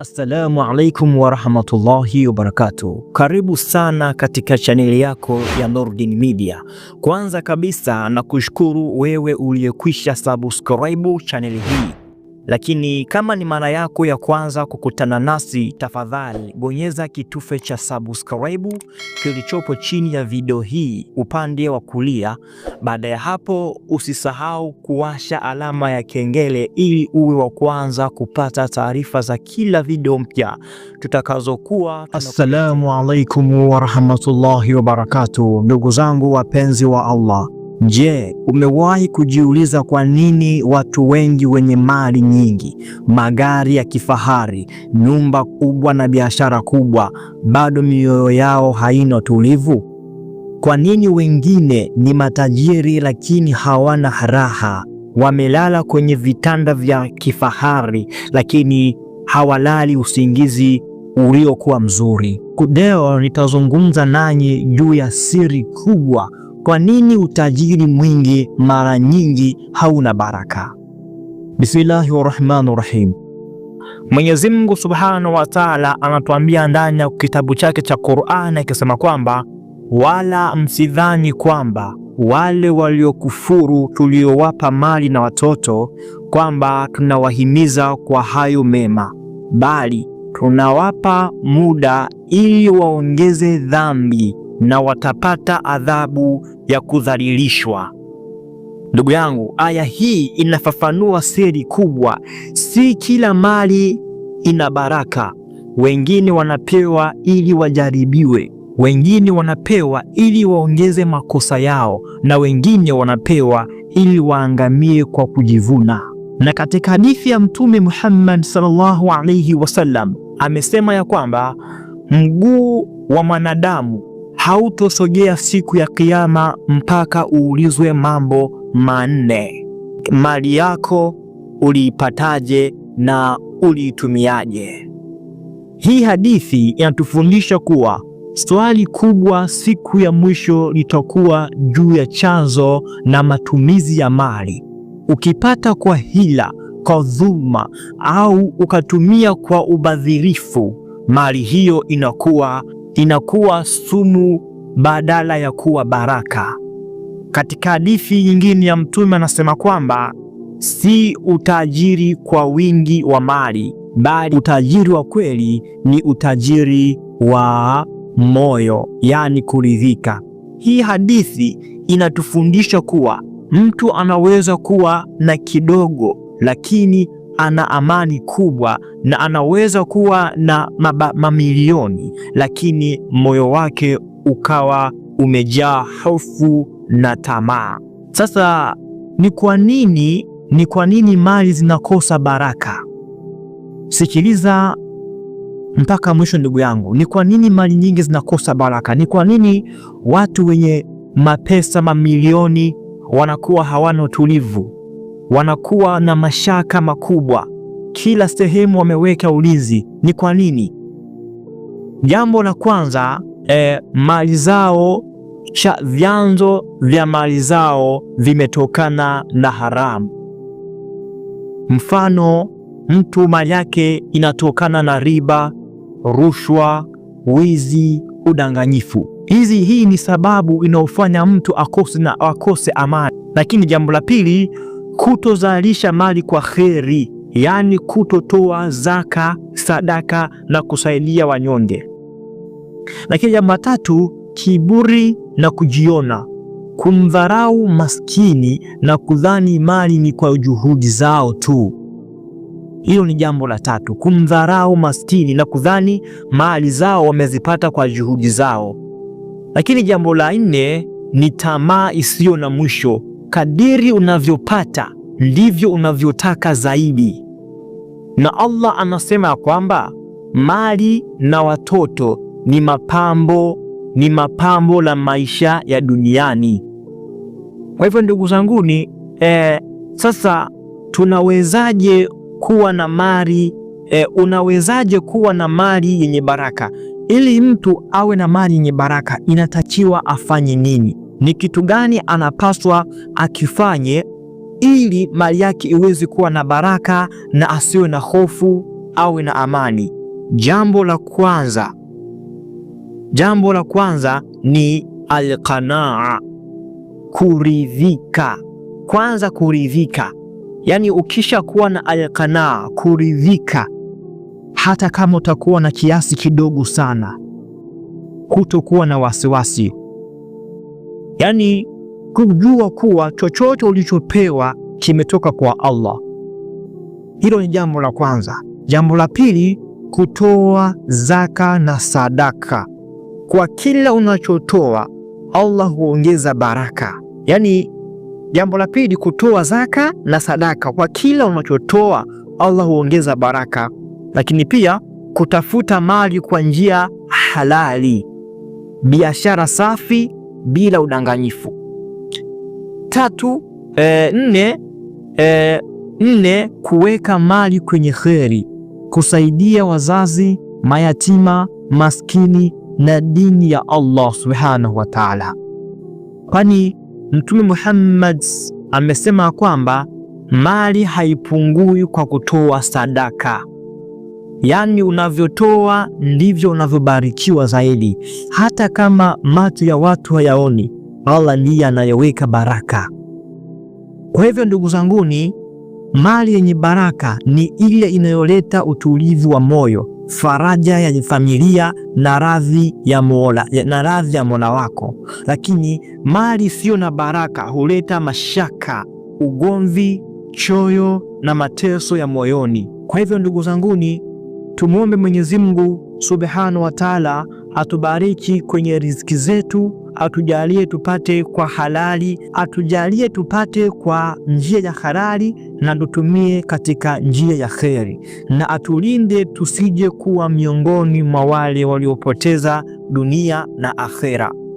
Assalamu alaikum warahmatullahi wabarakatuh. Karibu sana katika chaneli yako ya Nurdin Media. Kwanza kabisa na kushukuru wewe uliyekwisha subscribe chaneli hii lakini kama ni mara yako ya kwanza kukutana nasi, tafadhali bonyeza kitufe cha subscribe kilichopo chini ya video hii upande wa kulia. Baada ya hapo, usisahau kuwasha alama ya kengele ili uwe wa kwanza kupata taarifa za kila video mpya tutakazokuwa. Assalamu alaikum warahmatullahi wabarakatuh, ndugu zangu wapenzi wa Allah. Je, umewahi kujiuliza kwa nini watu wengi wenye mali nyingi, magari ya kifahari, nyumba kubwa na biashara kubwa, bado mioyo yao haina utulivu? Kwa nini wengine ni matajiri lakini hawana raha? Wamelala kwenye vitanda vya kifahari lakini hawalali usingizi uliokuwa mzuri. Leo nitazungumza nanyi juu ya siri kubwa kwa nini utajiri mwingi mara nyingi hauna baraka? Bismillahi rahmani rahim. Mwenyezi Mungu subhanahu wa taala anatuambia ndani ya kitabu chake cha qurani akisema kwamba wala msidhani kwamba wale waliokufuru tuliowapa mali na watoto kwamba tunawahimiza kwa hayo mema, bali tunawapa muda ili waongeze dhambi na watapata adhabu ya kudhalilishwa. Ndugu yangu, aya hii inafafanua siri kubwa. Si kila mali ina baraka. Wengine wanapewa ili wajaribiwe, wengine wanapewa ili waongeze makosa yao, na wengine wanapewa ili waangamie kwa kujivuna. Na katika hadithi ya Mtume Muhammad sallallahu alaihi wasallam amesema ya kwamba mguu wa mwanadamu hautosogea siku ya Kiyama mpaka uulizwe mambo manne: mali yako uliipataje na uliitumiaje? Hii hadithi inatufundisha kuwa swali kubwa siku ya mwisho litakuwa juu ya chanzo na matumizi ya mali. Ukipata kwa hila, kwa dhuluma au ukatumia kwa ubadhirifu, mali hiyo inakuwa inakuwa sumu badala ya kuwa baraka. Katika hadithi nyingine ya Mtume anasema kwamba si utajiri kwa wingi wa mali, bali utajiri wa kweli ni utajiri wa moyo, yaani kuridhika. Hii hadithi inatufundisha kuwa mtu anaweza kuwa na kidogo, lakini ana amani kubwa na anaweza kuwa na maba, mamilioni lakini moyo wake ukawa umejaa hofu na tamaa. Sasa ni kwa nini, ni kwa nini mali zinakosa baraka? Sikiliza mpaka mwisho ndugu yangu, ni kwa nini mali nyingi zinakosa baraka? Ni kwa nini watu wenye mapesa mamilioni wanakuwa hawana utulivu, wanakuwa na mashaka makubwa kila sehemu wameweka ulinzi. Ni kwa nini? Jambo la kwanza e, mali zao cha vyanzo vya mali zao vimetokana na haramu. Mfano, mtu mali yake inatokana na riba, rushwa, wizi, udanganyifu. Hizi hii ni sababu inayofanya mtu akose na akose amani. Lakini jambo la pili, kutozalisha mali kwa kheri yaani kutotoa zaka, sadaka na kusaidia wanyonge. Lakini jambo la tatu, kiburi na kujiona, kumdharau maskini na kudhani mali ni kwa juhudi zao tu. Hilo ni jambo la tatu, kumdharau maskini na kudhani mali zao wamezipata kwa juhudi zao. Lakini jambo la nne ni tamaa isiyo na mwisho, kadiri unavyopata ndivyo unavyotaka zaidi. Na Allah anasema ya kwamba mali na watoto ni mapambo, ni mapambo la maisha ya duniani. Kwa hivyo ndugu zanguni, eh, sasa tunawezaje kuwa na mali eh, unawezaje kuwa na mali yenye baraka? Ili mtu awe na mali yenye baraka inatakiwa afanye nini? Ni kitu gani anapaswa akifanye ili mali yake iweze kuwa na baraka na asiwe na hofu, awe na amani. Jambo la kwanza, jambo la kwanza ni alqanaa, kuridhika. Kwanza kuridhika, yaani ukisha kuwa na alqanaa, kuridhika, hata kama utakuwa na kiasi kidogo sana, kutokuwa na wasiwasi, yaani kujua kuwa chochote ulichopewa kimetoka kwa Allah. Hilo ni jambo la kwanza. Jambo la pili, kutoa zaka na sadaka. Kwa kila unachotoa Allah huongeza baraka. Yaani, jambo la pili, kutoa zaka na sadaka. Kwa kila unachotoa Allah huongeza baraka, lakini pia kutafuta mali kwa njia halali, biashara safi bila udanganyifu. Tatu, e, nne, e, nne kuweka mali kwenye kheri, kusaidia wazazi, mayatima, maskini na dini ya Allah subhanahu wa ta'ala, kwani Mtume Muhammad amesema kwamba mali haipungui kwa kutoa sadaka. Yaani, unavyotoa ndivyo unavyobarikiwa zaidi, hata kama macho ya watu hayaoni Allah ndiye anayeweka baraka. Kwa hivyo ndugu zanguni, mali yenye baraka ni ile inayoleta utulivu wa moyo, faraja ya familia na radhi ya Mola, na radhi ya Mola wako. Lakini mali isiyo na baraka huleta mashaka, ugomvi, choyo na mateso ya moyoni. Kwa hivyo ndugu zanguni, tumwombe Mwenyezi Mungu Subhanahu wa Ta'ala atubariki kwenye riziki zetu, atujalie tupate kwa halali, atujalie tupate kwa njia ya halali na tutumie katika njia ya kheri, na atulinde tusije kuwa miongoni mwa wale waliopoteza dunia na akhera.